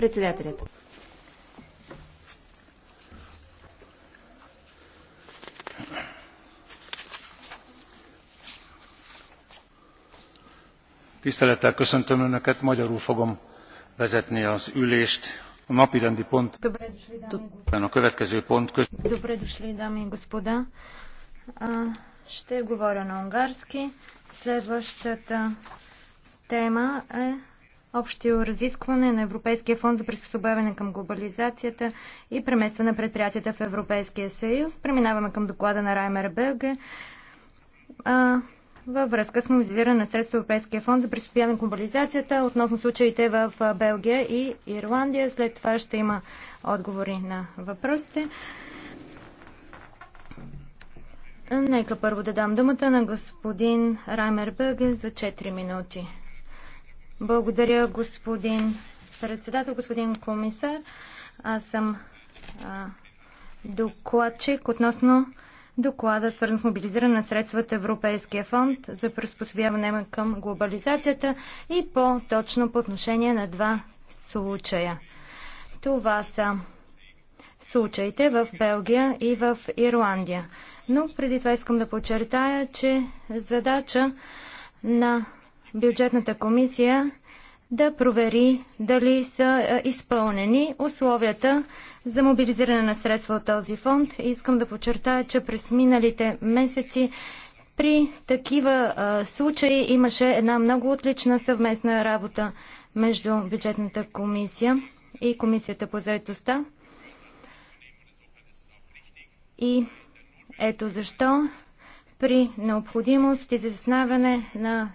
Председателят. Tisztelettel köszöntöm Önöket, magyarul fogom vezetni az ülést. A napi rendi pont, a következő pont köz... Добре дошли, дами и господа. Ще говоря на унгарски. Следващата тема е общо разискване на Европейския фонд за приспособяване към глобализацията и преместване на предприятията в Европейския съюз. Преминаваме към доклада на Раймер Белге а, във връзка с мобилизиране на средства Европейския фонд за приспособяване към глобализацията относно случаите в Белгия и Ирландия. След това ще има отговори на въпросите. Нека първо да дам думата на господин Раймер Белге за 4 минути. Благодаря, господин председател, господин комисар. Аз съм а, докладчик относно доклада, свързан с мобилизиране на средства от Европейския фонд за приспособяване към глобализацията и по-точно по отношение на два случая. Това са случаите в Белгия и в Ирландия. Но преди това искам да подчертая, че задача на бюджетната комисия да провери дали са е, изпълнени условията за мобилизиране на средства от този фонд. Искам да подчертая, че през миналите месеци при такива а, е, случаи имаше една много отлична съвместна работа между бюджетната комисия и комисията по заедостта. И ето защо при необходимост изясняване на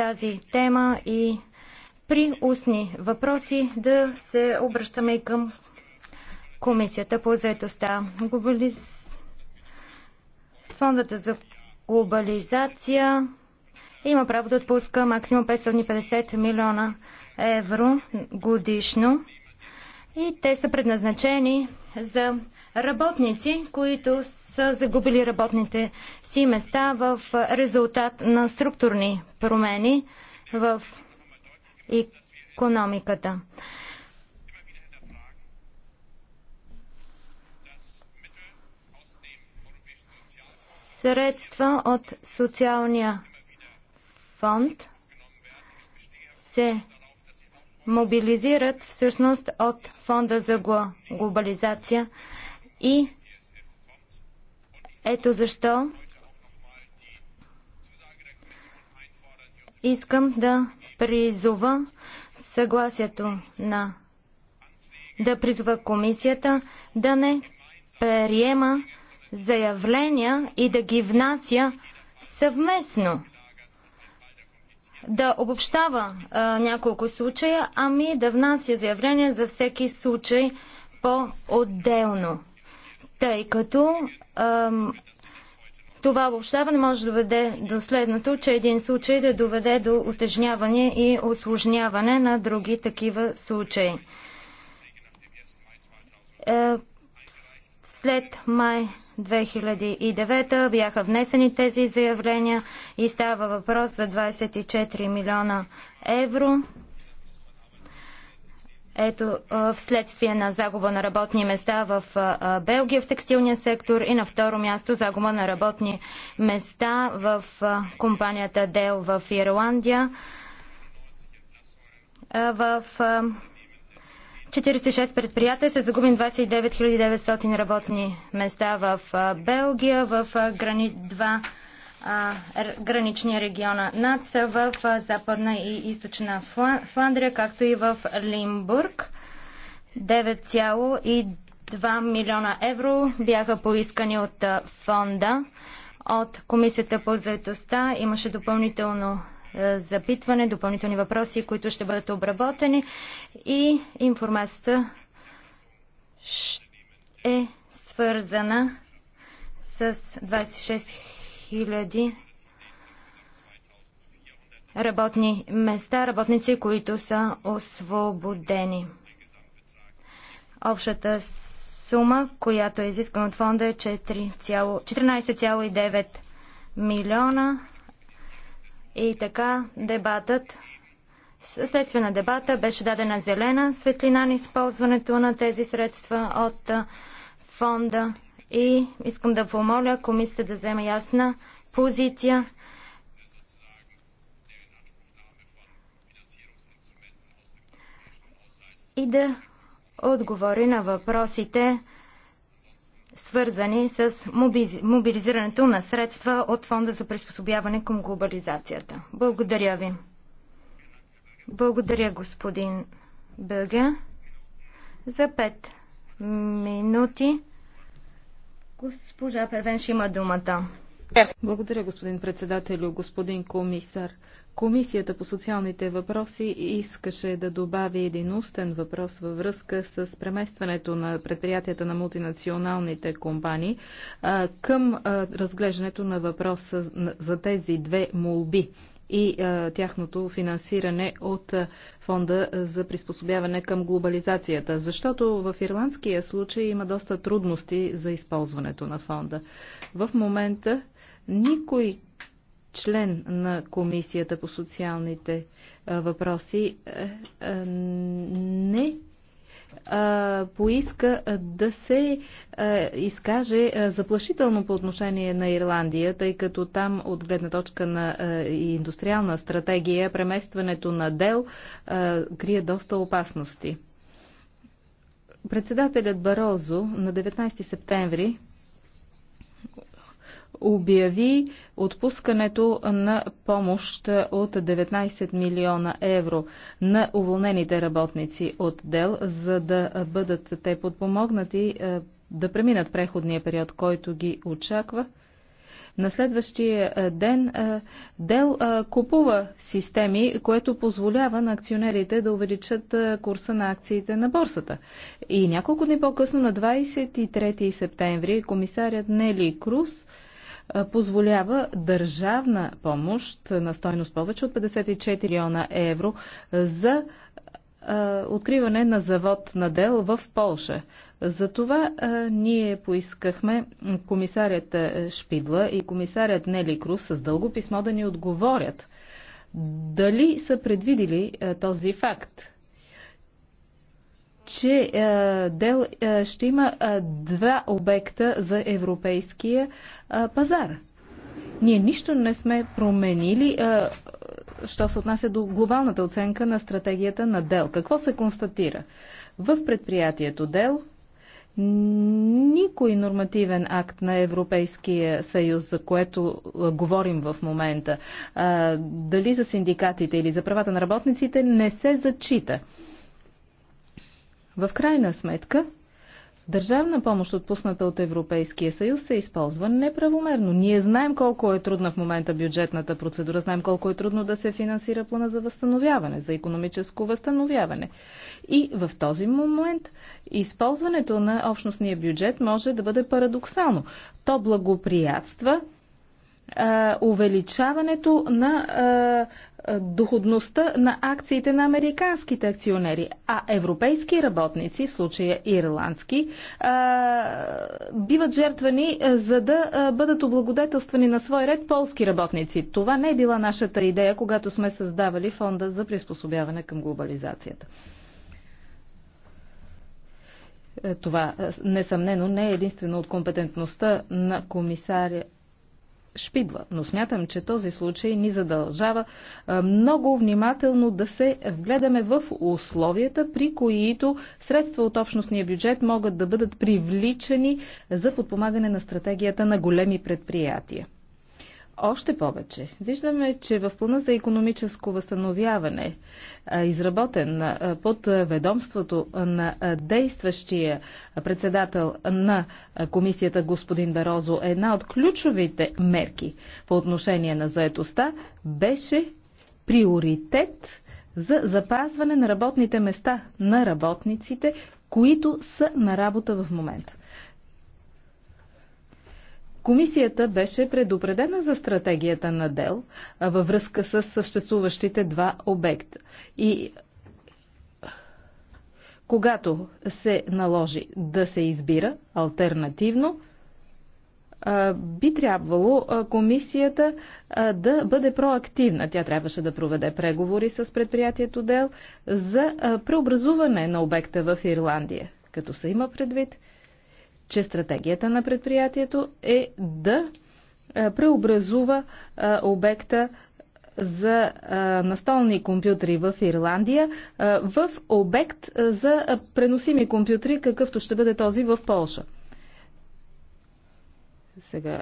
тази тема и при устни въпроси да се обръщаме и към Комисията по заедостта. Глобализ... Фондата за глобализация има право да отпуска максимум 550 милиона евро годишно и те са предназначени за работници, които са загубили работните си места в резултат на структурни промени в економиката. Средства от социалния фонд се мобилизират всъщност от фонда за глобализация и ето защо искам да призова съгласието на да призва комисията да не приема заявления и да ги внася съвместно. Да обобщава а, няколко случая, ами да внася заявления за всеки случай по-отделно тъй като ам, това обобщаване може да доведе до следното, че един случай да доведе до отежняване и осложняване на други такива случаи. Е, след май 2009 бяха внесени тези заявления и става въпрос за 24 милиона евро. Ето, вследствие на загуба на работни места в Белгия в текстилния сектор и на второ място загуба на работни места в компанията Дел в Ирландия. В 46 предприятия са загубени 29 900 работни места в Белгия, в грани 2 граничния региона НАЦ в Западна и Източна Фландрия, както и в Лимбург. 9,2 милиона евро бяха поискани от фонда. От Комисията по заедостта имаше допълнително запитване, допълнителни въпроси, които ще бъдат обработени и информацията е свързана с 26 хиляди работни места, работници, които са освободени. Общата сума, която е изискана от фонда е 14,9 милиона. И така дебатът, следствие на дебата, беше дадена зелена светлина на използването на тези средства от фонда и искам да помоля комисията да вземе ясна позиция. и да отговори на въпросите, свързани с мобилизирането на средства от Фонда за приспособяване към глобализацията. Благодаря ви. Благодаря, господин Бълга. За пет минути Госпожа ще има думата. Благодаря, господин председателю, господин комисар. Комисията по социалните въпроси искаше да добави един устен въпрос във връзка с преместването на предприятията на мултинационалните компании към разглеждането на въпроса за тези две молби и а, тяхното финансиране от а, фонда за приспособяване към глобализацията, защото в ирландския случай има доста трудности за използването на фонда. В момента никой член на Комисията по социалните а, въпроси а, е, а, е, не поиска да се изкаже заплашително по отношение на Ирландия, тъй като там от гледна точка на индустриална стратегия преместването на дел крие доста опасности. Председателят Барозо на 19 септември обяви отпускането на помощ от 19 милиона евро на уволнените работници от ДЕЛ, за да бъдат те подпомогнати е, да преминат преходния период, който ги очаква. На следващия е, ден е, Дел купува системи, което позволява на акционерите да увеличат курса на акциите на борсата. И няколко дни по-късно, на 23 септември, комисарят Нели Круз позволява държавна помощ на стойност повече от 54 милиона евро за откриване на завод на дел в Полша. За това ние поискахме комисарят Шпидла и комисарят Нели Крус с дълго писмо да ни отговорят дали са предвидили този факт че е, Дел е, ще има е, два обекта за европейския пазар. Ние нищо не сме променили, що се отнася до глобалната оценка на стратегията на Дел. Какво се констатира? В предприятието Дел никой нормативен акт на Европейския съюз, за което говорим в момента, дали за синдикатите или за правата на работниците, не се зачита. В крайна сметка, Държавна помощ, отпусната от Европейския съюз, се използва неправомерно. Ние знаем колко е трудна в момента бюджетната процедура, знаем колко е трудно да се финансира плана за възстановяване, за економическо възстановяване. И в този момент използването на общностния бюджет може да бъде парадоксално. То благоприятства увеличаването на доходността на акциите на американските акционери, а европейски работници, в случая ирландски, биват жертвани за да бъдат облагодетелствани на свой ред полски работници. Това не е била нашата идея, когато сме създавали фонда за приспособяване към глобализацията. Е, това е, несъмнено не е единствено от компетентността на комисаря Шпидва, Но смятам, че този случай ни задължава много внимателно да се вгледаме в условията, при които средства от общностния бюджет могат да бъдат привличани за подпомагане на стратегията на големи предприятия. Още повече, виждаме, че в плана за економическо възстановяване, изработен под ведомството на действащия председател на комисията господин Берозо, една от ключовите мерки по отношение на заетостта беше приоритет за запазване на работните места на работниците, които са на работа в момента. Комисията беше предупредена за стратегията на ДЕЛ във връзка с съществуващите два обекта. И когато се наложи да се избира альтернативно, би трябвало комисията да бъде проактивна. Тя трябваше да проведе преговори с предприятието ДЕЛ за преобразуване на обекта в Ирландия, като се има предвид, че стратегията на предприятието е да преобразува обекта за настолни компютри в Ирландия в обект за преносими компютри, какъвто ще бъде този в Полша. Сега,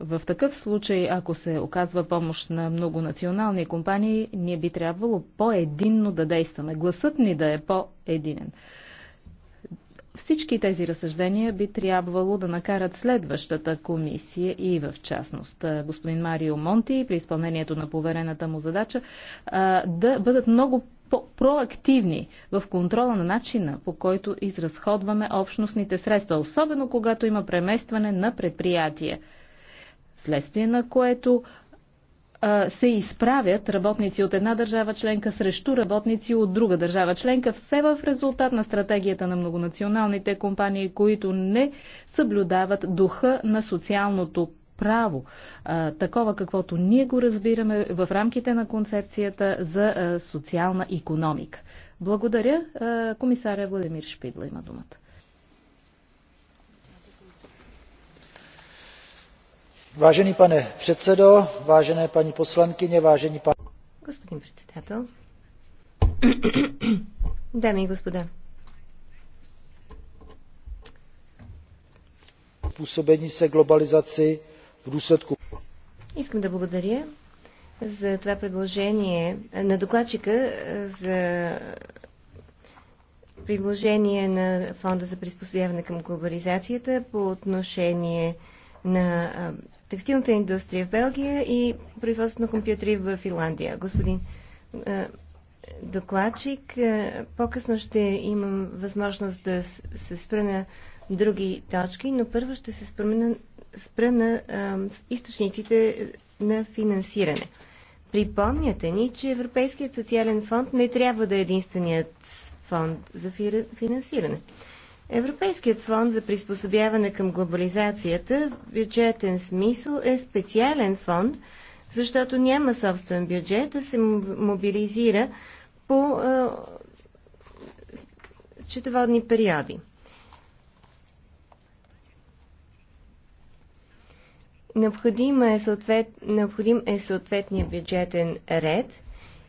в такъв случай, ако се оказва помощ на многонационални компании, ние би трябвало по-единно да действаме. Гласът ни да е по-единен. Всички тези разсъждения би трябвало да накарат следващата комисия и в частност господин Марио Монти при изпълнението на поверената му задача да бъдат много проактивни в контрола на начина по който изразходваме общностните средства, особено когато има преместване на предприятия, следствие на което се изправят работници от една държава членка срещу работници от друга държава членка, все в резултат на стратегията на многонационалните компании, които не съблюдават духа на социалното право, а, такова каквото ние го разбираме в рамките на концепцията за а, социална економика. Благодаря. А, комисаря Владимир Шпидла има думата. Vážený pane předsedo, vážené paní poslankyně, vážení pan... Господин председател, дами и господа, působení se globalizaci v důsledku... Искам да благодаря за това предложение на докладчика е, за предложение на Фонда за приспособяване към глобализацията по отношение на е, текстилната индустрия в Белгия и производството на компютри в Финландия. Господин е, докладчик, е, по-късно ще имам възможност да се спра на други точки, но първо ще се спомена, спра на е, източниците на финансиране. Припомняте ни, че Европейският социален фонд не трябва да е единственият фонд за финансиране. Европейският фонд за приспособяване към глобализацията в бюджетен смисъл е специален фонд, защото няма собствен бюджет да се мобилизира по е, периоди. Необходим е, съответ, необходим е съответния бюджетен ред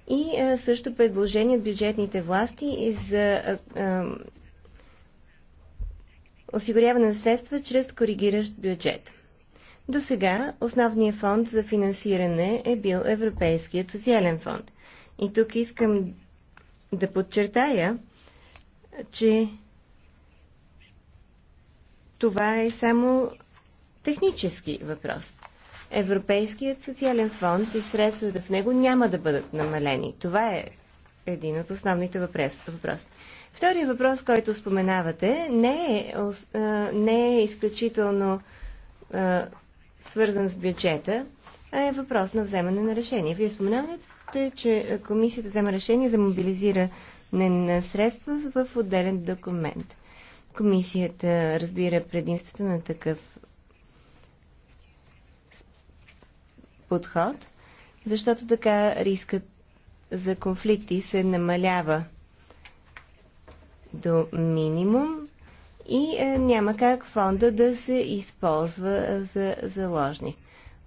и е, също предложение от бюджетните власти за осигуряване на средства чрез коригиращ бюджет. До сега основният фонд за финансиране е бил Европейският социален фонд. И тук искам да подчертая, че това е само технически въпрос. Европейският социален фонд и средствата в него няма да бъдат намалени. Това е един от основните въпроси. Втория въпрос, който споменавате, не е, не е изключително е, свързан с бюджета, а е въпрос на вземане на решение. Вие споменавате, че комисията взема решение за мобилизиране на средства в отделен документ. Комисията разбира предимствата на такъв подход, защото така рискът за конфликти се намалява до минимум и е, няма как фонда да се използва е, за заложни.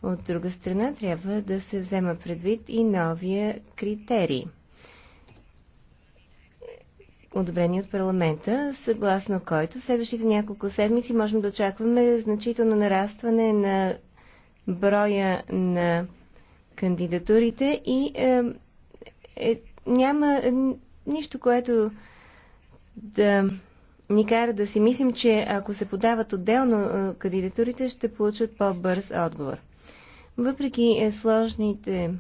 От друга страна трябва да се взема предвид и новия критерий, одобрени от парламента, съгласно който в следващите няколко седмици можем да очакваме значително нарастване на броя на кандидатурите и е, е, няма нищо, което да ни кара да си мислим, че ако се подават отделно кандидатурите, ще получат по-бърз отговор. Въпреки е, сложните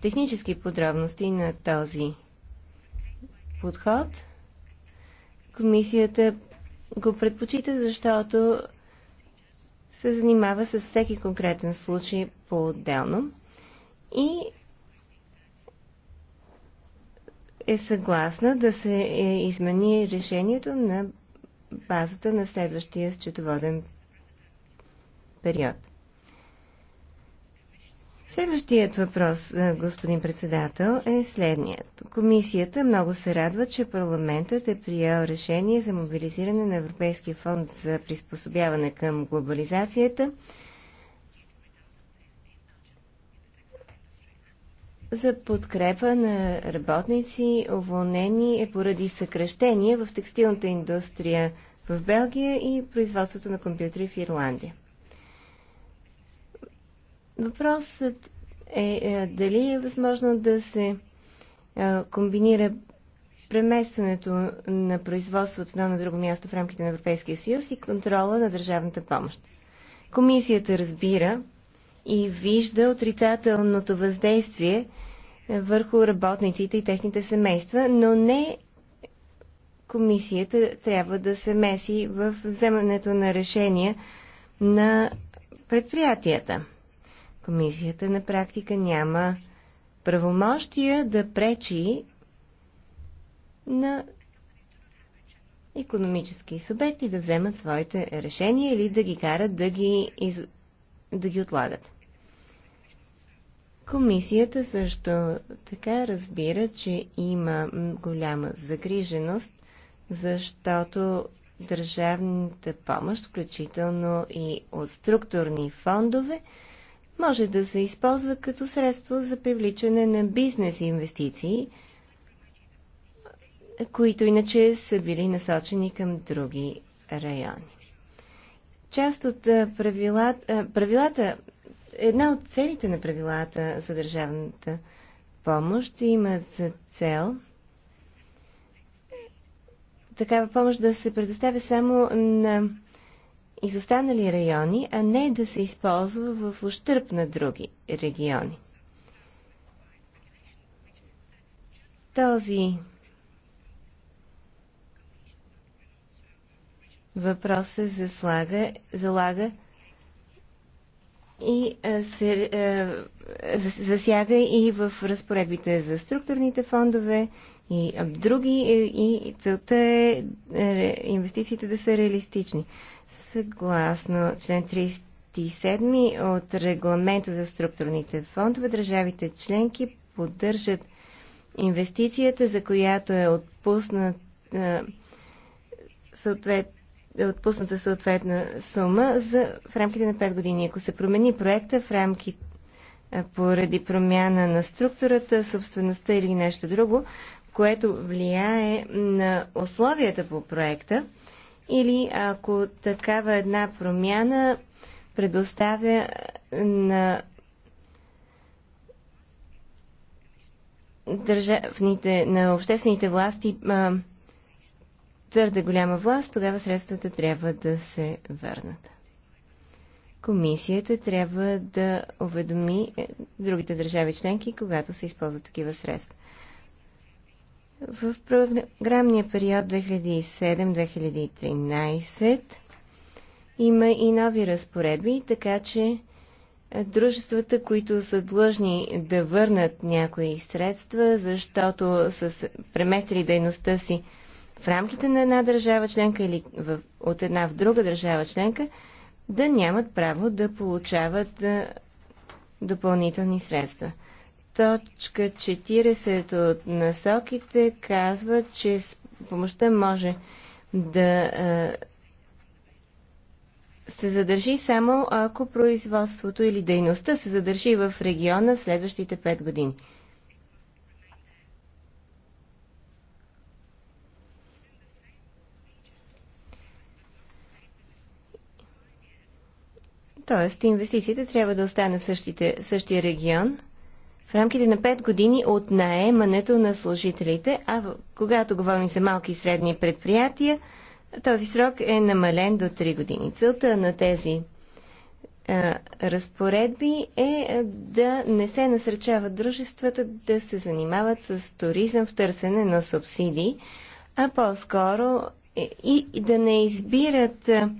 технически подробности на този подход, комисията го предпочита, защото се занимава с всеки конкретен случай по-отделно и е съгласна да се е, измени решението на базата на следващия счетоводен период. Следващият въпрос, е, господин председател, е следният. Комисията много се радва, че парламентът е приел решение за мобилизиране на Европейския фонд за приспособяване към глобализацията – за подкрепа на работници, уволнени е поради съкръщения в текстилната индустрия в Белгия и производството на компютри в Ирландия. Въпросът е, е дали е възможно да се е, комбинира преместването на производството едно на друго място в рамките на Европейския съюз и контрола на държавната помощ. Комисията разбира, и вижда отрицателното въздействие върху работниците и техните семейства, но не комисията трябва да се меси в вземането на решения на предприятията. Комисията на практика няма правомощия да пречи на економически субекти да вземат своите решения или да ги карат да ги из да ги отлагат. Комисията също така разбира, че има голяма загриженост, защото държавната помощ, включително и от структурни фондове, може да се използва като средство за привличане на бизнес инвестиции, които иначе са били насочени към други райони част от правилата, правилата, една от целите на правилата за държавната помощ има за цел такава помощ да се предоставя само на изостанали райони, а не да се използва в ущърп на други региони. Този въпроса заслага, залага и се засяга и в разпоредбите за структурните фондове и други. И целта е, е инвестициите да са реалистични. Съгласно член 37 от регламента за структурните фондове, държавите членки поддържат инвестицията, за която е отпуснат съответно е отпусната съответна сума за, в рамките на 5 години. Ако се промени проекта в рамките поради промяна на структурата, собствеността или нещо друго, което влияе на условията по проекта, или ако такава една промяна предоставя на държавните, на обществените власти твърде голяма власт, тогава средствата трябва да се върнат. Комисията трябва да уведоми е, другите държави членки, когато се използват такива средства. В програмния период 2007-2013 има и нови разпоредби, така че е, дружествата, които са длъжни да върнат някои средства, защото са преместили дейността си в рамките на една държава членка или в, от една в друга държава членка, да нямат право да получават а, допълнителни средства. Точка 40 от насоките казва, че с помощта може да а, се задържи само ако производството или дейността се задържи в региона в следващите 5 години. Тоест, инвестициите трябва да останат в същите, същия регион в рамките на 5 години от наемането на служителите, а когато говорим за малки и средни предприятия, този срок е намален до 3 години. Целта на тези а, разпоредби е да не се насръчават дружествата да се занимават с туризъм в търсене на субсидии, а по-скоро и, и да не избират а,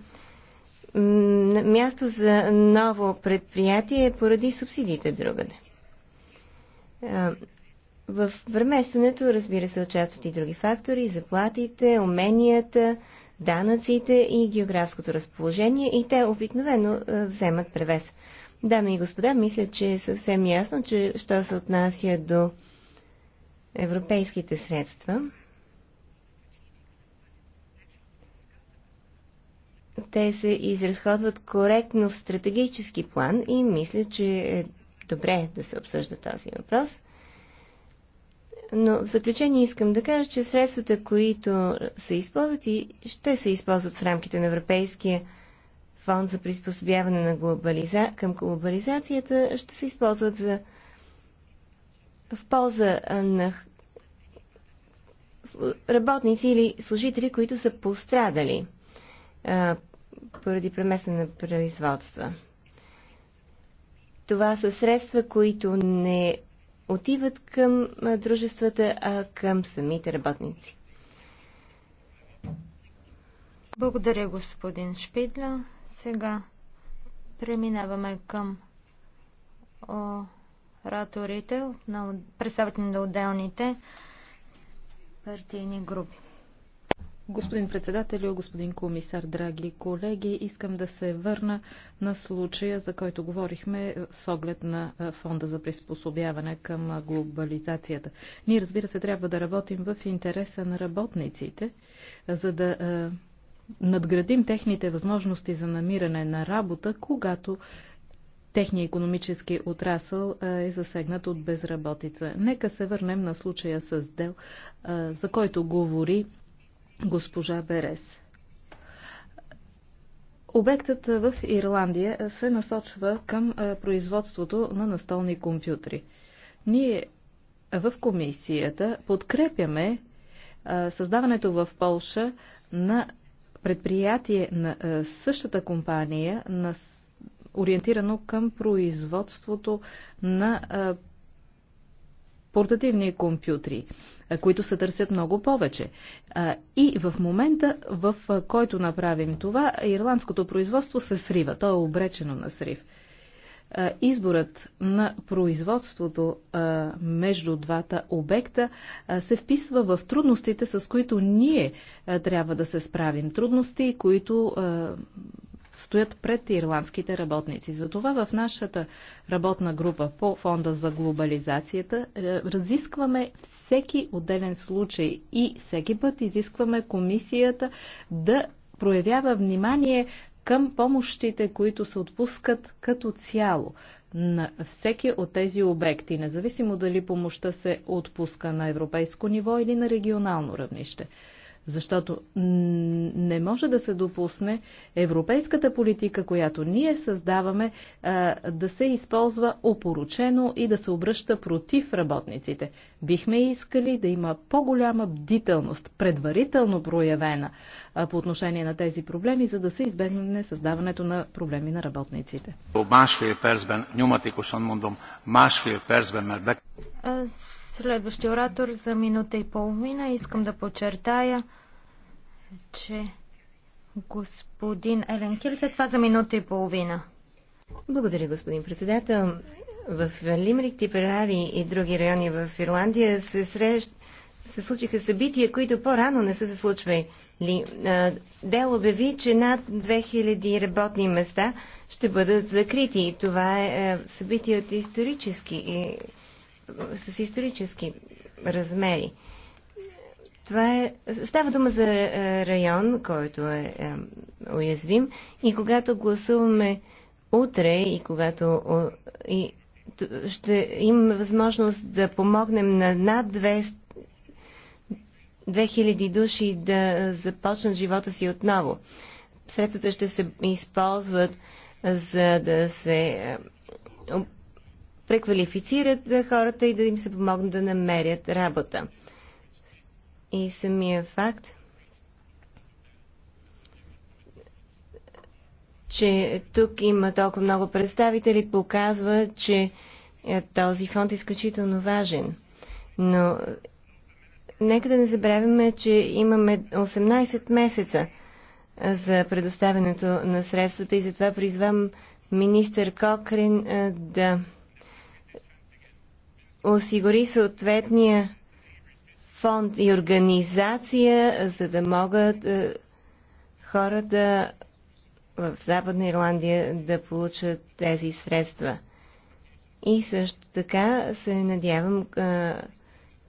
място за ново предприятие поради субсидиите другаде. В преместването, разбира се, участват и други фактори, заплатите, уменията, данъците и географското разположение и те обикновено вземат превес. Дами и господа, мисля, че е съвсем ясно, че що се отнася до европейските средства, те се изразходват коректно в стратегически план и мисля, че е добре да се обсъжда този въпрос. Но в заключение искам да кажа, че средствата, които се използват и ще се използват в рамките на Европейския фонд за приспособяване на глобализа... към глобализацията, ще се използват за... в полза на работници или служители, които са пострадали – а, поради премесване на производства. Това са средства, които не отиват към дружествата, а към самите работници. Благодаря, господин Шпидля. Сега преминаваме към ораторите, представители на отделните партийни групи. Господин председател, господин комисар, драги колеги, искам да се върна на случая, за който говорихме с оглед на Фонда за приспособяване към глобализацията. Ние, разбира се, трябва да работим в интереса на работниците, за да надградим техните възможности за намиране на работа, когато техния економически отрасъл е засегнат от безработица. Нека се върнем на случая с дел, за който говори госпожа Берес. Обектът в Ирландия се насочва към е, производството на настолни компютри. Ние в комисията подкрепяме е, създаването в Полша на предприятие на е, същата компания, ориентирано към производството на портативни компютри, които се търсят много повече. И в момента, в който направим това, ирландското производство се срива. То е обречено на срив. Изборът на производството между двата обекта се вписва в трудностите, с които ние трябва да се справим. Трудности, които стоят пред ирландските работници. Затова в нашата работна група по фонда за глобализацията е, разискваме всеки отделен случай и всеки път изискваме комисията да проявява внимание към помощите, които се отпускат като цяло на всеки от тези обекти, независимо дали помощта се отпуска на европейско ниво или на регионално равнище. Защото не може да се допусне европейската политика, която ние създаваме, да се използва опоручено и да се обръща против работниците. Бихме искали да има по-голяма бдителност, предварително проявена по отношение на тези проблеми, за да се избегне създаването на проблеми на работниците. Аз Следващия оратор за минута и половина. Искам да подчертая, че господин Елен Кир, след това за минута и половина. Благодаря, господин председател. В Лимрик, Типерари и други райони в Ирландия се, срещ... се случиха събития, които по-рано не са се случвали. Дел обяви, че над 2000 работни места ще бъдат закрити. Това е, е събитие от исторически с исторически размери. Това е, става дума за е, район, който е, е уязвим и когато гласуваме утре и когато и, ще имаме възможност да помогнем на над 200 2000 души да започнат живота си отново. Средствата ще се използват за да се е, преквалифицират хората и да им се помогнат да намерят работа. И самия факт, че тук има толкова много представители, показва, че е, този фонд е изключително важен. Но нека да не забравяме, че имаме 18 месеца за предоставянето на средствата и затова призвам министър Кокрин да осигури съответния фонд и организация, за да могат е, хората в Западна Ирландия да получат тези средства. И също така се надявам е,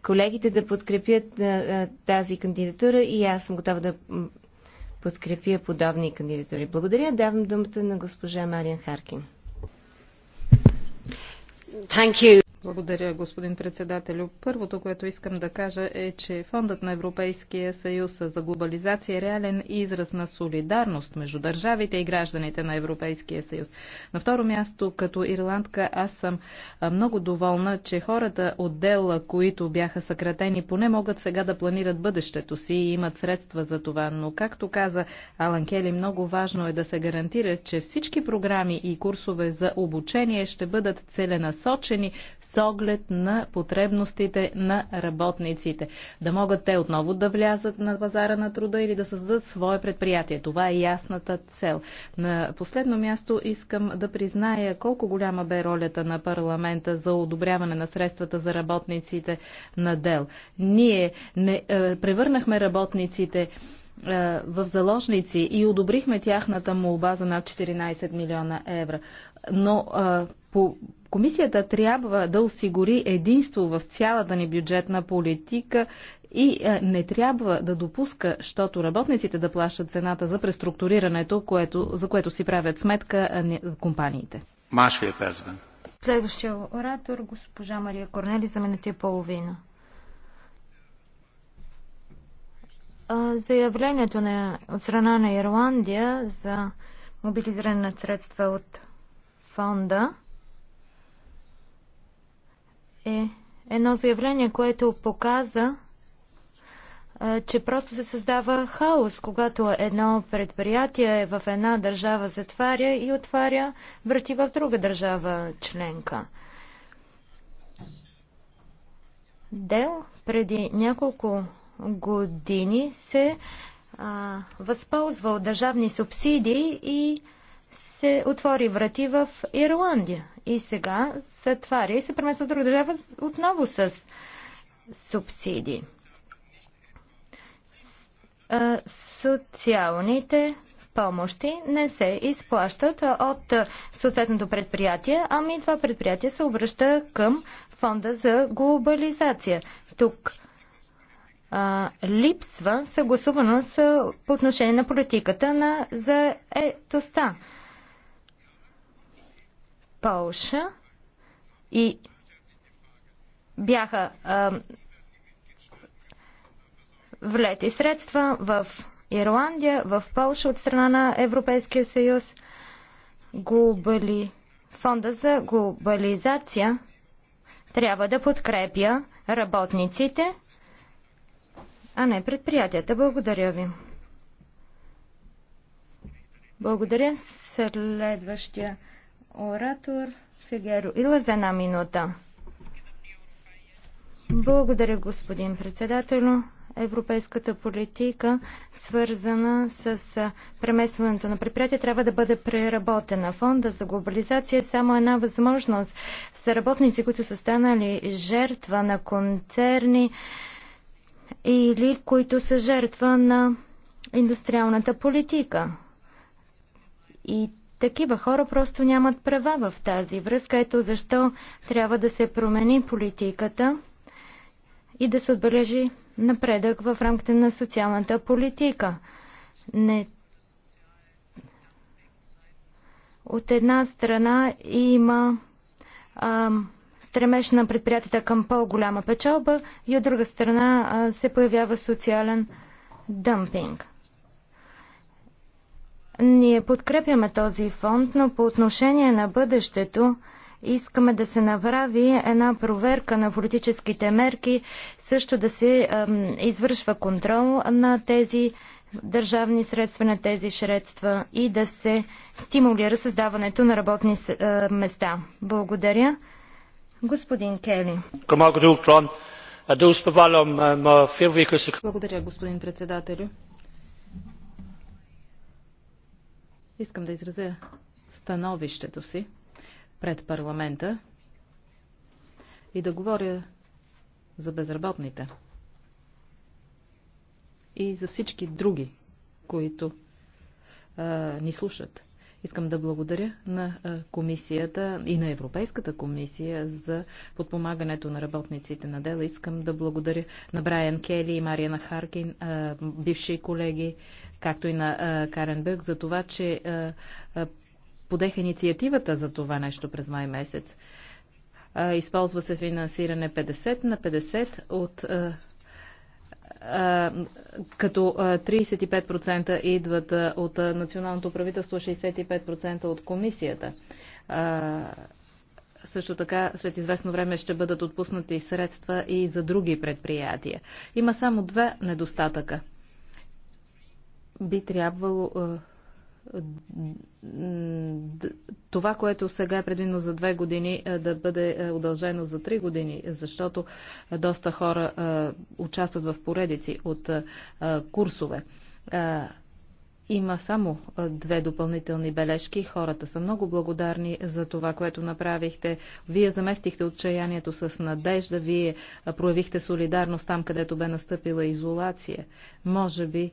колегите да подкрепят е, тази кандидатура и аз съм готова да подкрепя подобни кандидатури. Благодаря. Давам думата на госпожа Мариан Харкин. Thank you. Благодаря, господин председателю. Първото, което искам да кажа е, че Фондът на Европейския съюз за глобализация е реален израз на солидарност между държавите и гражданите на Европейския съюз. На второ място, като ирландка, аз съм много доволна, че хората от дела, които бяха съкратени, поне могат сега да планират бъдещето си и имат средства за това. Но, както каза Алан Кели, много важно е да се гарантира, че всички програми и курсове за обучение ще бъдат целенасочени оглед на потребностите на работниците. Да могат те отново да влязат на пазара на труда или да създадат свое предприятие. Това е ясната цел. На последно място искам да призная колко голяма бе ролята на парламента за одобряване на средствата за работниците на ДЕЛ. Ние не, е, превърнахме работниците е, в заложници и одобрихме тяхната молба за над 14 милиона евро. Но е, Комисията трябва да осигури единство в цялата ни бюджетна политика и е, не трябва да допуска, защото работниците да плащат цената за преструктурирането, което, за което си правят сметка компаниите. Машвия Перзвен. Следващия оратор, госпожа Мария Корнели, за минута и половина. Заявлението на, от страна на Ирландия за мобилизиране на средства от фонда – е едно заявление, което показа, че просто се създава хаос, когато едно предприятие в една държава затваря и отваря врати в друга държава членка. Дел преди няколко години се а, възползва от държавни субсидии и се отвори врати в Ирландия. И сега затваря и се премества в друга държава отново с субсидии. Социалните помощи не се изплащат от съответното предприятие, ами това предприятие се обръща към фонда за глобализация. Тук а, липсва съгласуваност по отношение на политиката на заетостта. Полша и бяха а, влети средства в Ирландия, в Полша от страна на Европейския съюз. Глобали... Фонда за глобализация трябва да подкрепя работниците, а не предприятията. Благодаря ви. Благодаря. Следващия оратор Фигеро Ила за една минута. Благодаря, господин председател. Европейската политика, свързана с преместването на предприятия, трябва да бъде преработена. Фонда за глобализация е само една възможност за работници, които са станали жертва на концерни или които са жертва на индустриалната политика. И такива хора просто нямат права в тази връзка. Ето защо трябва да се промени политиката и да се отбележи напредък в рамките на социалната политика. Не... От една страна има а, стремеж на предприятията към по-голяма печалба и от друга страна а, се появява социален дъмпинг. Ние подкрепяме този фонд, но по отношение на бъдещето искаме да се направи една проверка на политическите мерки, също да се ем, извършва контрол на тези държавни средства, на тези средства и да се стимулира създаването на работни е, места. Благодаря. Господин Кели. Er øh, Благодаря, господин председателю. Искам да изразя становището си пред парламента и да говоря за безработните и за всички други, които а, ни слушат. Искам да благодаря на комисията и на Европейската комисия за подпомагането на работниците на дела. Искам да благодаря на Брайан Кели и Мариана Харкин, бивши колеги, както и на Карен Бък, за това, че подех инициативата за това нещо през май месец. Използва се финансиране 50 на 50 от е, като 35% е, идват е, от националното правителство, 65% от комисията. Също така, след известно време ще бъдат отпуснати средства и за други предприятия. Има само два недостатъка. Би трябвало това, което сега е предвидено за две години, е, да бъде е, удължено за три години, защото е, доста хора участват в поредици от курсове. Има само две допълнителни бележки. Хората са много благодарни за това, което направихте. Вие заместихте отчаянието с надежда, вие проявихте солидарност там, където бе настъпила изолация. Може би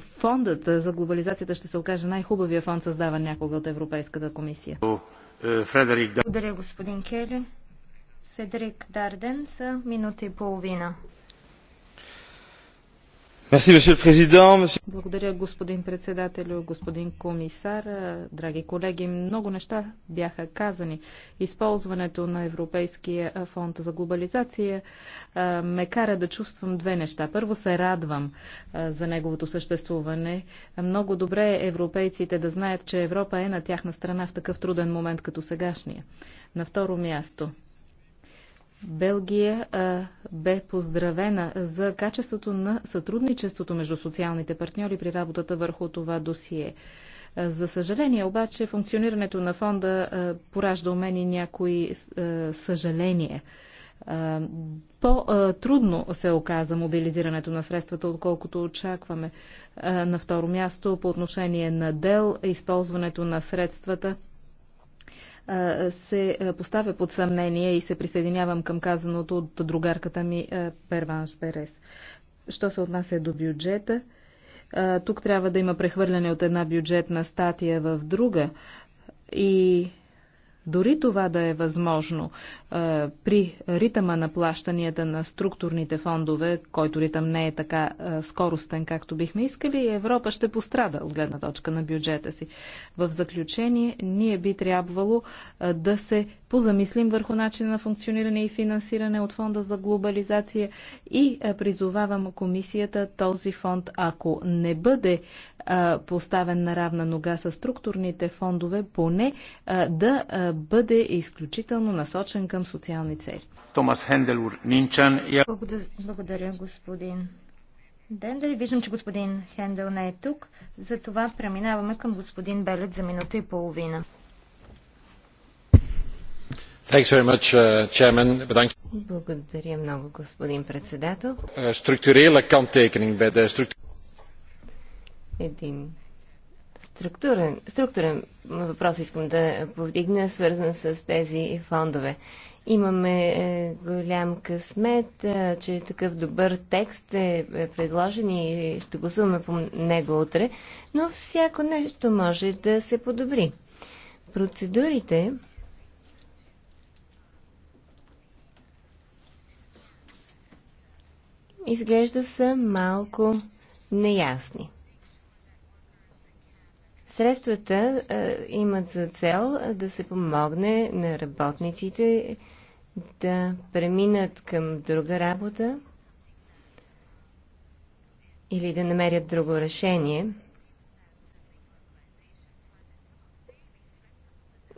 фондът за глобализацията ще се окаже най-хубавия фонд, създаван някога от Европейската комисия. Е, Фредерик... Благодаря, господин Кели. Федерик Дарден за минута и половина. Благодаря, господин председател, господин комисар, драги колеги. Много неща бяха казани. Използването на Европейския фонд за глобализация ме кара да чувствам две неща. Първо се радвам за неговото съществуване. Много добре е европейците да знаят, че Европа е на тяхна страна в такъв труден момент като сегашния. На второ място – Белгия а, бе поздравена за качеството на сътрудничеството между социалните партньори при работата върху това досие. за съжаление обаче функционирането на фонда а, поражда у мен и някои а, съжаления. По-трудно се оказа мобилизирането на средствата, отколкото очакваме. На второ място, по отношение на дел, използването на средствата – се поставя под съмнение и се присъединявам към казаното от другарката ми Перванш Перес. Що се отнася до бюджета, тук трябва да има прехвърляне от една бюджетна статия в друга и дори това да е възможно е, при ритъма на плащанията на структурните фондове, който ритъм не е така е, скоростен, както бихме искали, Европа ще пострада от гледна точка на бюджета си. В заключение, ние би трябвало е, да се позамислим върху начина на функциониране и финансиране от фонда за глобализация и е, призовавам комисията този фонд, ако не бъде е, поставен на равна нога с структурните фондове, поне е, да бъде изключително насочен към социални цели. Томас Хенделур Нинчан. Благодаря, господин Дендер. Виждам, че господин Хендел не е тук. Затова преминаваме към господин Белет за минута и половина. Uh, Благодаря много, господин председател. Uh, Един структурен, структурен въпрос искам да повдигна, свързан с тези фондове. Имаме е, голям късмет, е, че такъв добър текст е, е предложен и ще гласуваме по него утре, но всяко нещо може да се подобри. Процедурите изглежда са малко неясни. Средствата е, имат за цел да се помогне на работниците да преминат към друга работа или да намерят друго решение.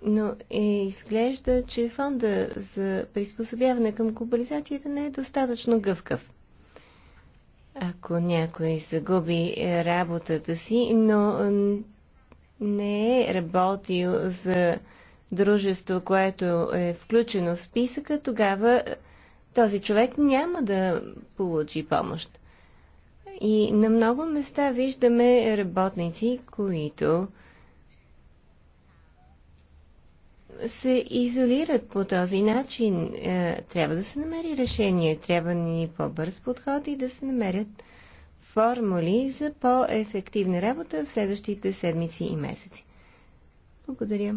Но е, изглежда, че фонда за приспособяване към глобализацията не е достатъчно гъвкав ако някой загуби е, работата си, но не е работил за дружество, което е включено в списъка, тогава е, този човек няма да получи помощ. И на много места виждаме работници, които се изолират по този начин. Е, трябва да се намери решение, трябва да ни по-бърз подход и да се намерят формули за по-ефективна работа в следващите седмици и месеци. Благодаря.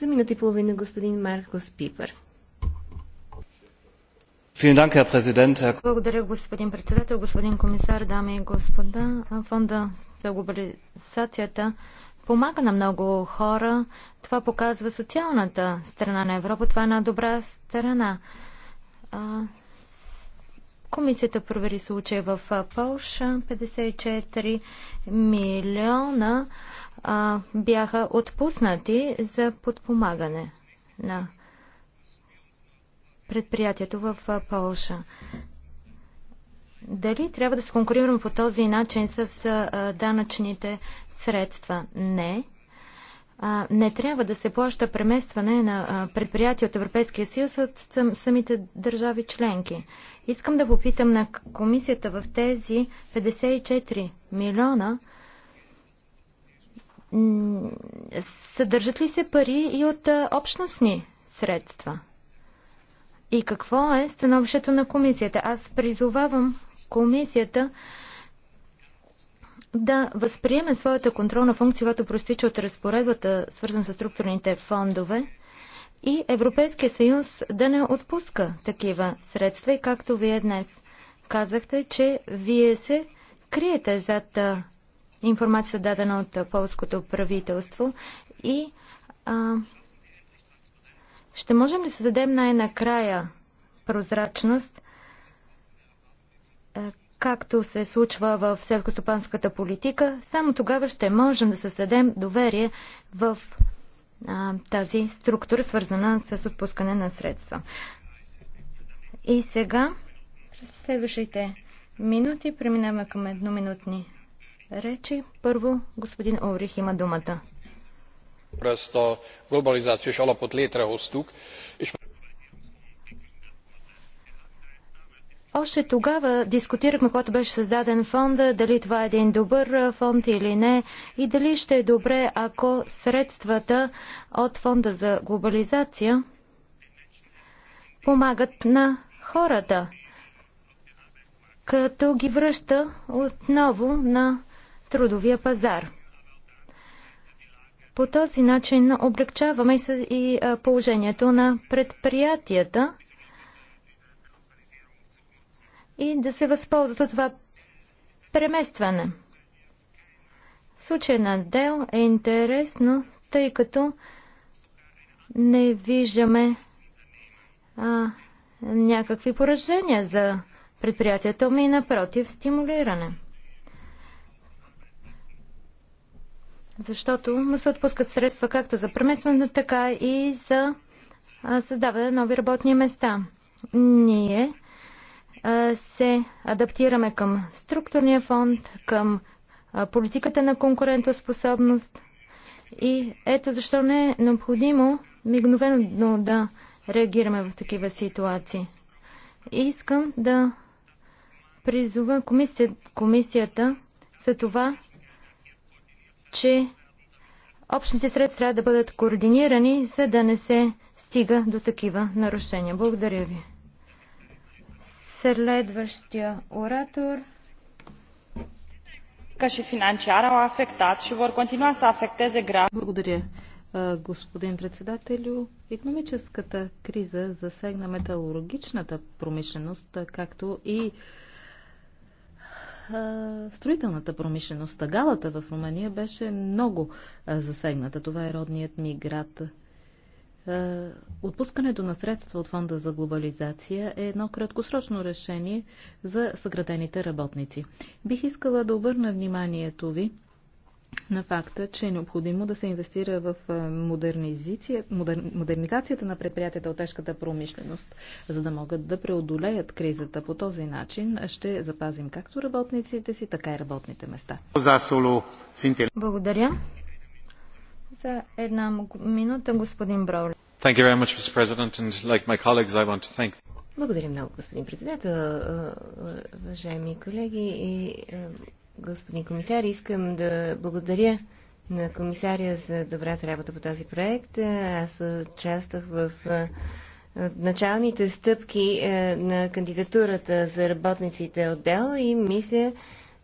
За минути и половина господин Маркос Пипър. Благодаря, господин председател, господин комисар, дами и господа. Фонда за глобализацията помага на много хора. Това показва социалната страна на Европа. Това е една добра страна. Комисията провери случая в Полша. 54 милиона а, бяха отпуснати за подпомагане на предприятието в Полша. Дали трябва да се конкурираме по този начин с а, данъчните средства. Не. А, не трябва да се плаща преместване на предприятия от Европейския съюз от самите държави членки. Искам да попитам на комисията в тези 54 милиона съдържат ли се пари и от а, общностни средства? И какво е становището на комисията? Аз призовавам комисията да възприеме своята контролна функция, която простича от разпоредбата, свързан с структурните фондове, и Европейския съюз да не отпуска такива средства. И както вие днес казахте, че вие се криете зад информация, дадена от полското правителство и а, ще можем ли създадем най-накрая прозрачност както се случва в селскостопанската политика, само тогава ще можем да създадем доверие в а, тази структура, свързана с отпускане на средства. И сега, през следващите минути, преминаваме към едноминутни речи. Първо, господин Орих има думата. Ezt a globalizációs alapot létrehoztuk, és Още тогава дискутирахме, когато беше създаден фонда, дали това е един добър фонд или не и дали ще е добре, ако средствата от фонда за глобализация помагат на хората, като ги връща отново на трудовия пазар. По този начин облегчаваме и положението на предприятията – и да се възползват от това преместване. Случай на дел е интересно, тъй като не виждаме а, някакви поражения за предприятието ми и напротив стимулиране. Защото му се отпускат средства както за преместването, така и за създаване на нови работни места. Ние се адаптираме към структурния фонд, към политиката на конкурентоспособност. И ето защо не е необходимо мигновено да реагираме в такива ситуации. И искам да призова комисията, комисията за това, че общите средства трябва да бъдат координирани, за да не се стига до такива нарушения. Благодаря ви. Следващия оратор. и au afectat și vor continua să afecteze grav. Благодаря, господин председателю. Економическата криза засегна металургичната промишленост, както и строителната промишленост. Тагалата в Румъния беше много засегната. Това е родният ми град. Е, отпускането на средства от фонда за глобализация е едно краткосрочно решение за съградените работници. Бих искала да обърна вниманието ви на факта, че е необходимо да се инвестира в е, модернизацията на предприятията от тежката промишленост, за да могат да преодолеят кризата. По този начин ще запазим както работниците си, така и работните места. Благодаря една минута, господин Броули. Благодаря много, господин председател. Уважаеми колеги и е, господин комисар, искам да благодаря на комисаря за добрата работа по този проект. Е, аз участвах в е, началните стъпки на кандидатурата за работниците отдел и мисля,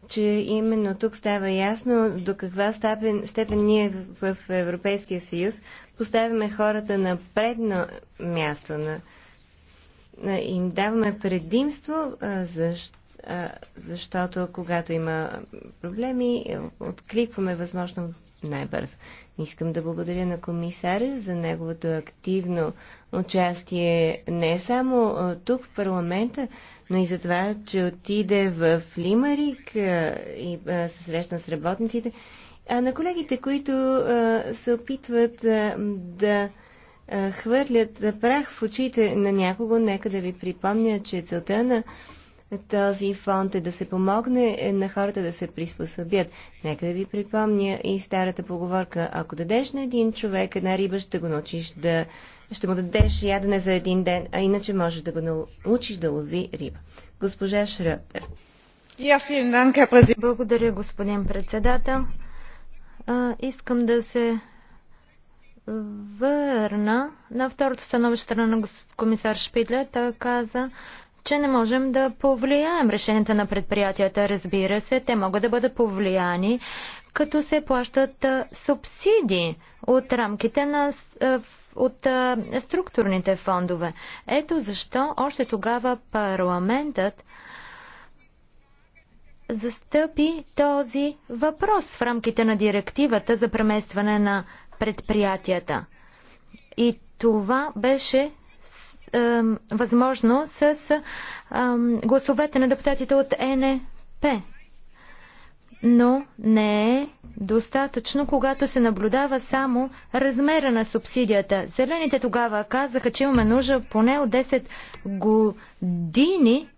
че именно тук става ясно до каква степен, степен ние в, в Европейския съюз поставяме хората на предно място, на, на им даваме предимство, а, защ, а, защото когато има проблеми, откликваме възможно най-бързо. Искам да благодаря на комисаря за неговото активно участие не само тук в парламента, но и за това, че отиде в Лимарик и се срещна с работниците. А на колегите, които се опитват да хвърлят прах в очите на някого, нека да ви припомня, че целта на този фонд е да се помогне е, на хората да се приспособят. Нека да ви припомня и старата поговорка. Ако дадеш на един човек една риба, ще го научиш да... Ще му дадеш ядене за един ден, а иначе може да го научиш да лови риба. Госпожа Шръпер. Благодаря, господин председател. А, искам да се върна на второто становище на комисар Шпидля. Той каза, че не можем да повлияем решенията на предприятията. Разбира се, те могат да бъдат повлияни, като се плащат субсидии от рамките на от структурните фондове. Ето защо още тогава парламентът застъпи този въпрос в рамките на директивата за преместване на предприятията. И това беше е, възможно с е, гласовете на депутатите от НП. Но не е достатъчно, когато се наблюдава само размера на субсидията. Зелените тогава казаха, че имаме нужда поне от 10 години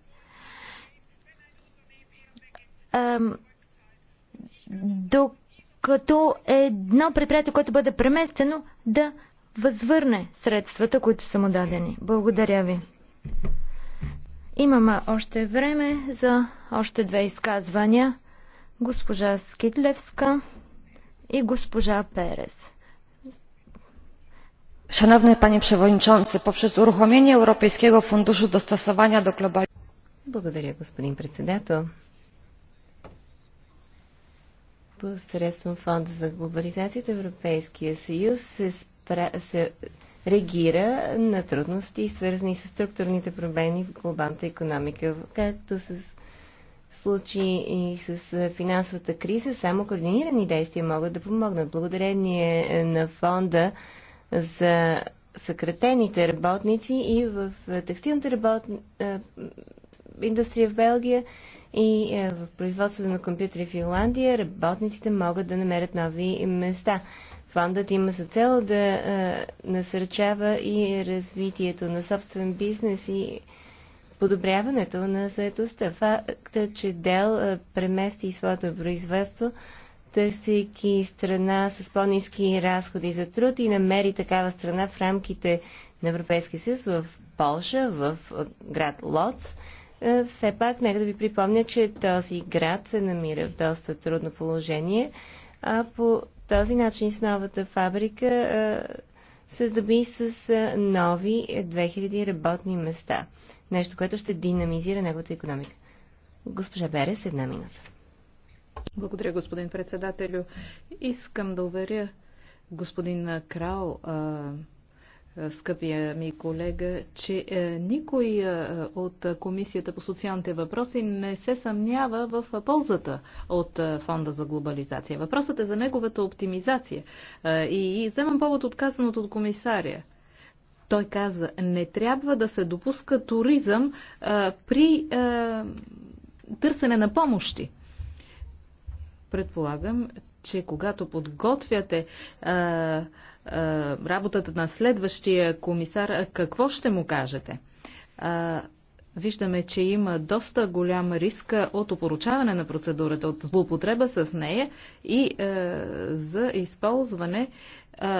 докато едно предприятие, което бъде преместено, да възвърне средствата, които са му дадени. Благодаря ви. Имаме още време за още две изказвания. Госпожа Скитлевска и госпожа Перес. Szanowny пани przewodniczący, poprzez uruchomienie Europejskiego Funduszu Dostosowania до глобали... Благодаря, господин председател. Посредством фонда за глобализацията Европейския съюз се се реагира на трудности, свързани с структурните проблеми в глобалната економика, както с случаи и с финансовата криза, само координирани действия могат да помогнат. Благодарение е, на фонда за съкратените работници и в текстилната работ... индустрия в Белгия и в производството на компютри в Ирландия работниците могат да намерят нови места. Фондът има за цел да насърчава и развитието на собствен бизнес и подобряването на заедостта. Факта, че Дел премести своето производство, търсейки страна с по-низки разходи за труд и намери такава страна в рамките на Европейския съюз в Полша, в град Лоц. Все пак, нека да ви припомня, че този град се намира в доста трудно положение, а по този начин с новата фабрика се здоби с нови 2000 е, работни места. Нещо, което ще динамизира неговата економика. Госпожа Берес, една минута. Благодаря, господин председателю. Искам да уверя господин Крал, е, скъпия ми колега, че е, никой е, от Комисията по социалните въпроси не се съмнява в ползата от Фонда за глобализация. Въпросът е за неговата оптимизация. И вземам повод от казаното от комисаря. Той каза, не трябва да се допуска туризъм при търсене на помощи. Предполагам, че когато подготвяте работата на следващия комисар, какво ще му кажете? Виждаме, че има доста голям риск от опоручаване на процедурата, от злоупотреба с нея и за използване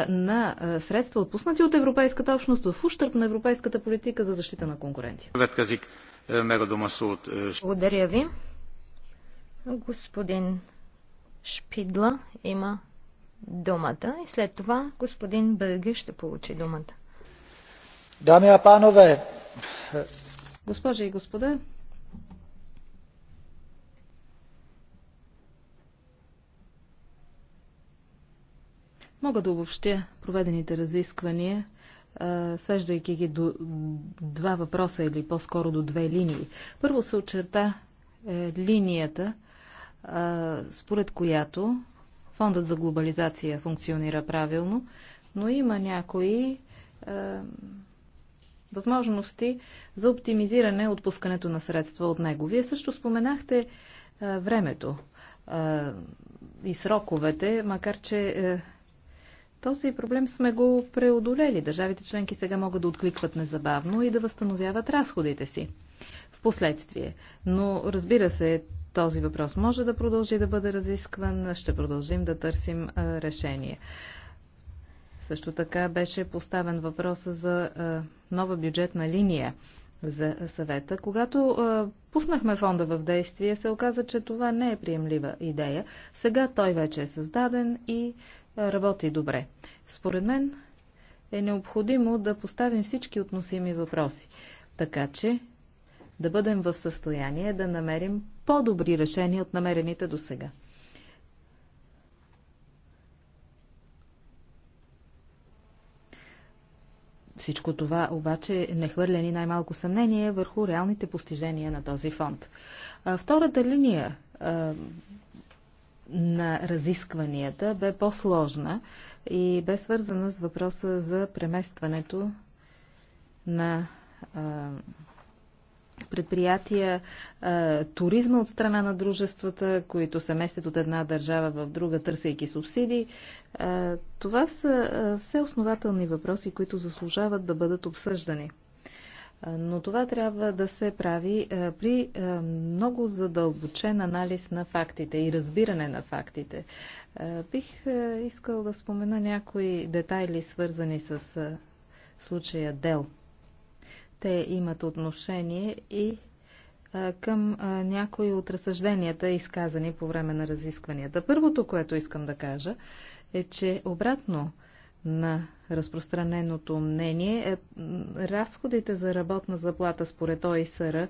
на средства, отпуснати от Европейската общност в ущърп на европейската политика за защита на конкуренция. Е, е, Благодаря ви. Господин Шпидла има думата и след това господин Бърги ще получи думата. Дами и панове! Госпожи и господа, Мога да обобщя проведените разисквания, свеждайки ги до два въпроса или по-скоро до две линии. Първо се очерта е, линията, според която Фондът за глобализация функционира правилно, но има някои е, възможности за оптимизиране отпускането на средства от него. Вие също споменахте е, времето е, и сроковете, макар че е, този проблем сме го преодолели. Държавите членки сега могат да откликват незабавно и да възстановяват разходите си последствие. Но, разбира се, този въпрос може да продължи да бъде разискван. Ще продължим да търсим решение. Също така беше поставен въпроса за нова бюджетна линия за съвета. Когато пуснахме фонда в действие, се оказа, че това не е приемлива идея. Сега той вече е създаден и работи добре. Според мен е необходимо да поставим всички относими въпроси. Така че да бъдем в състояние да намерим по-добри решения от намерените до сега. Всичко това обаче не хвърля ни най-малко съмнение върху реалните постижения на този фонд. Втората линия на разискванията бе по-сложна и бе свързана с въпроса за преместването на предприятия, туризма от страна на дружествата, които се местят от една държава в друга, търсейки субсидии. Това са все основателни въпроси, които заслужават да бъдат обсъждани. Но това трябва да се прави при много задълбочен анализ на фактите и разбиране на фактите. Бих искал да спомена някои детайли, свързани с случая Дел – те имат отношение и към някои от разсъжденията, изказани по време на разискванията. Първото, което искам да кажа, е, че обратно на разпространеното мнение, е, разходите за работна заплата според ОИСР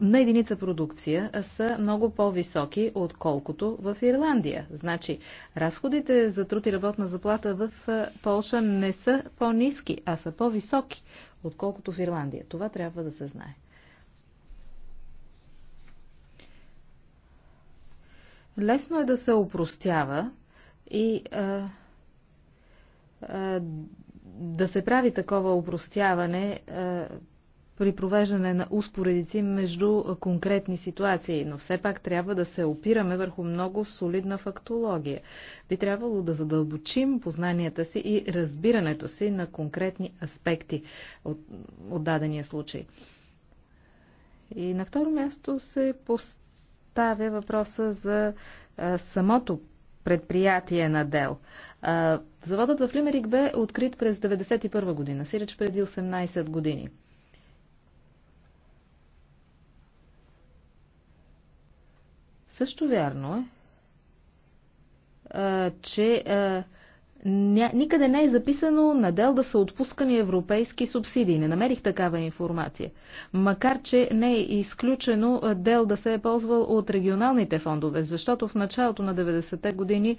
на единица продукция са много по-високи, отколкото в Ирландия. Значи, разходите за труд и работна заплата в Полша не са по-низки, а са по-високи, отколкото в Ирландия. Това трябва да се знае. Лесно е да се опростява и а, а, да се прави такова опростяване а, при провеждане на успоредици между конкретни ситуации, но все пак трябва да се опираме върху много солидна фактология. Би трябвало да задълбочим познанията си и разбирането си на конкретни аспекти от, от дадения случай. И на второ място се поставя въпроса за а, самото предприятие на дел. А, заводът в Лимерик бе открит през 1991 година, сиреч преди 18 години. Също вярно е, че никъде не е записано на дел да са отпускани европейски субсидии. Не намерих такава информация. Макар, че не е изключено дел да се е ползвал от регионалните фондове, защото в началото на 90-те години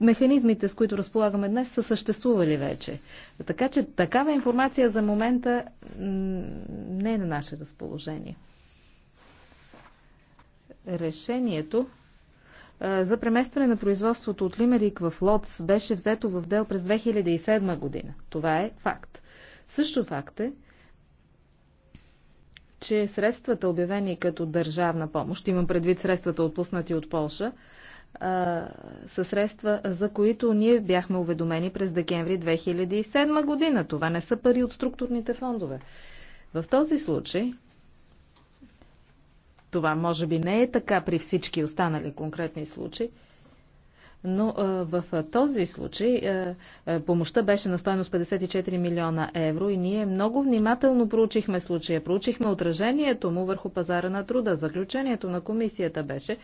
механизмите, с които разполагаме днес, са съществували вече. Така че такава информация за момента не е на наше разположение. Решението за преместване на производството от Лимерик в Лоц беше взето в дел през 2007 година. Това е факт. Също факт е, че средствата, обявени като държавна помощ, имам предвид средствата отпуснати от Полша, са средства, за които ние бяхме уведомени през декември 2007 година. Това не са пари от структурните фондове. В този случай това може би не е така при всички останали конкретни случаи, но в този случай помощта беше на стоеност 54 милиона евро и ние много внимателно проучихме случая, проучихме отражението му върху пазара на труда. Заключението на комисията беше,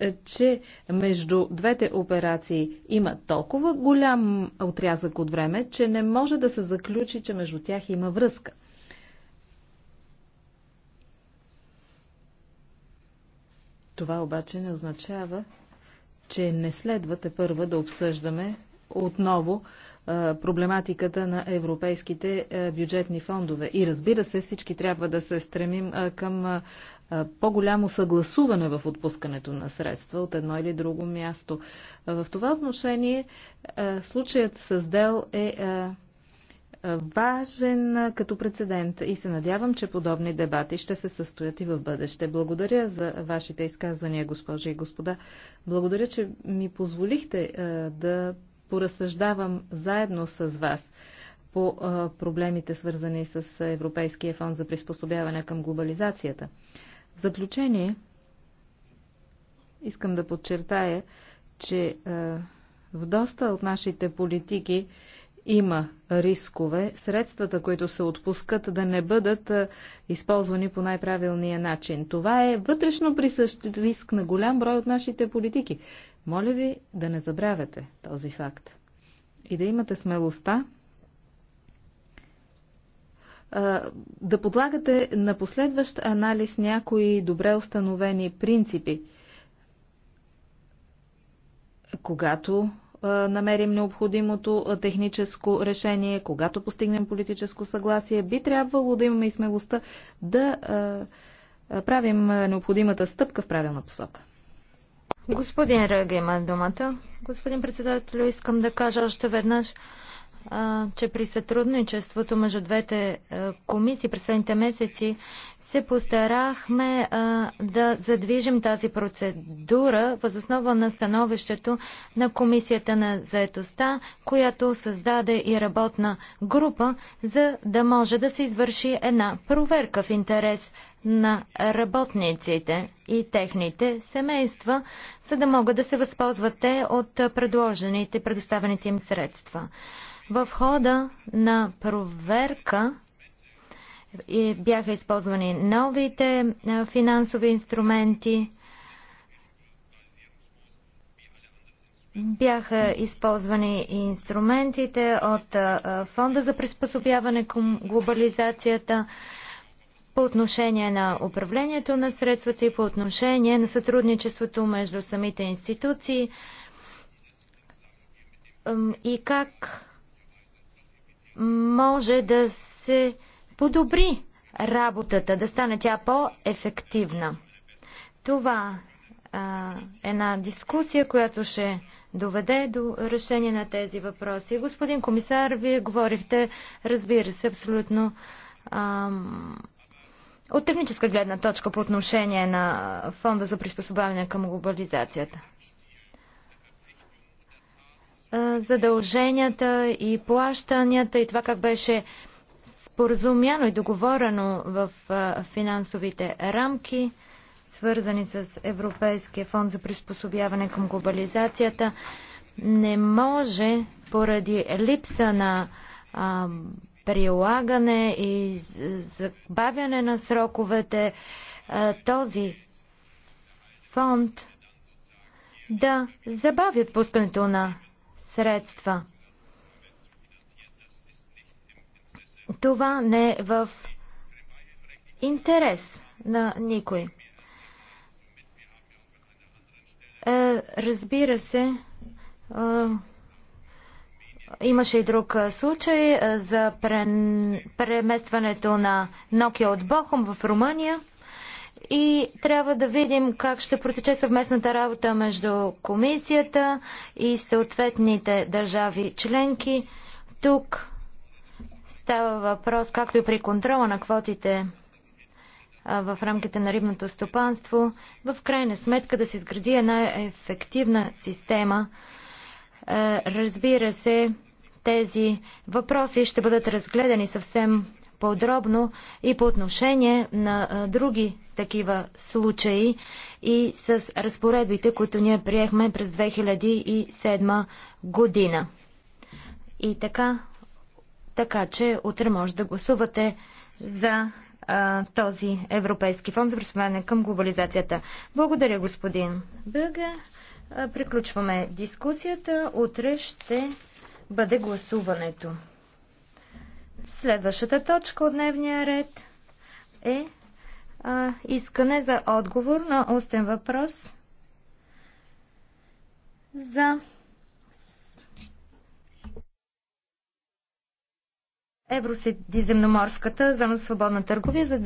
е, че между двете операции има толкова голям отрязък от време, че не може да се заключи, че между тях има връзка. Това обаче не означава, че не следвате първа да обсъждаме отново проблематиката на европейските бюджетни фондове. И разбира се, всички трябва да се стремим към по-голямо съгласуване в отпускането на средства от едно или друго място. В това отношение случаят с Дел е важен като прецедент и се надявам, че подобни дебати ще се състоят и в бъдеще. Благодаря за вашите изказвания, госпожи и господа. Благодаря, че ми позволихте да поразсъждавам заедно с вас по проблемите, свързани с Европейския фонд за приспособяване към глобализацията. В заключение, искам да подчертая, че в доста от нашите политики има рискове, средствата, които се отпускат, да не бъдат използвани по най-правилния начин. Това е вътрешно присъщ риск на голям брой от нашите политики. Моля ви да не забравяте този факт и да имате смелостта да подлагате на последващ анализ някои добре установени принципи, когато е, намерим необходимото е, техническо решение, когато постигнем политическо съгласие, би трябвало да имаме и смелостта да е, правим необходимата стъпка в правилна посока. Господин Ръга има думата. Господин председател, искам да кажа още веднъж, че при сътрудничеството между двете е, комисии през следните месеци се постарахме а, да задвижим тази процедура възоснова на становището на Комисията на заетостта, която създаде и работна група, за да може да се извърши една проверка в интерес на работниците и техните семейства, за да могат да се възползват те от предложените, предоставените им средства. В хода на проверка е, бяха използвани новите финансови инструменти, бяха използвани и инструментите от Фонда за приспособяване към глобализацията по отношение на управлението на средствата и по отношение на сътрудничеството между самите институции и как може да се подобри работата, да стане тя по-ефективна. Това а, е една дискусия, която ще доведе до решение на тези въпроси. Господин комисар, вие говорихте, разбира се, абсолютно от техническа гледна точка по отношение на фонда за приспособяване към глобализацията задълженията и плащанията и това как беше споразумяно и договорено в финансовите рамки, свързани с Европейския фонд за приспособяване към глобализацията, не може поради липса на а, прилагане и забавяне на сроковете а, този фонд да забавят пускането на средства. Това не е в интерес на никой. Е, разбира се, е, имаше и друг е, случай е, за преместването на Nokia от Бохом в Румъния и трябва да видим как ще протече съвместната работа между комисията и съответните държави членки. Тук става въпрос, както и при контрола на квотите в рамките на рибното стопанство, в крайна сметка да се изгради една ефективна система. Е, разбира се, тези въпроси ще бъдат разгледани съвсем подробно и по отношение на други такива случаи и с разпоредбите, които ние приехме през 2007 година. И така, така че утре може да гласувате за а, този Европейски фонд за приспособяване към глобализацията. Благодаря, господин Бъга. Приключваме дискусията. Утре ще бъде гласуването. Следващата точка от дневния ред е а, искане за отговор на устен въпрос за Евросъдиземноморската зона свободна търговия за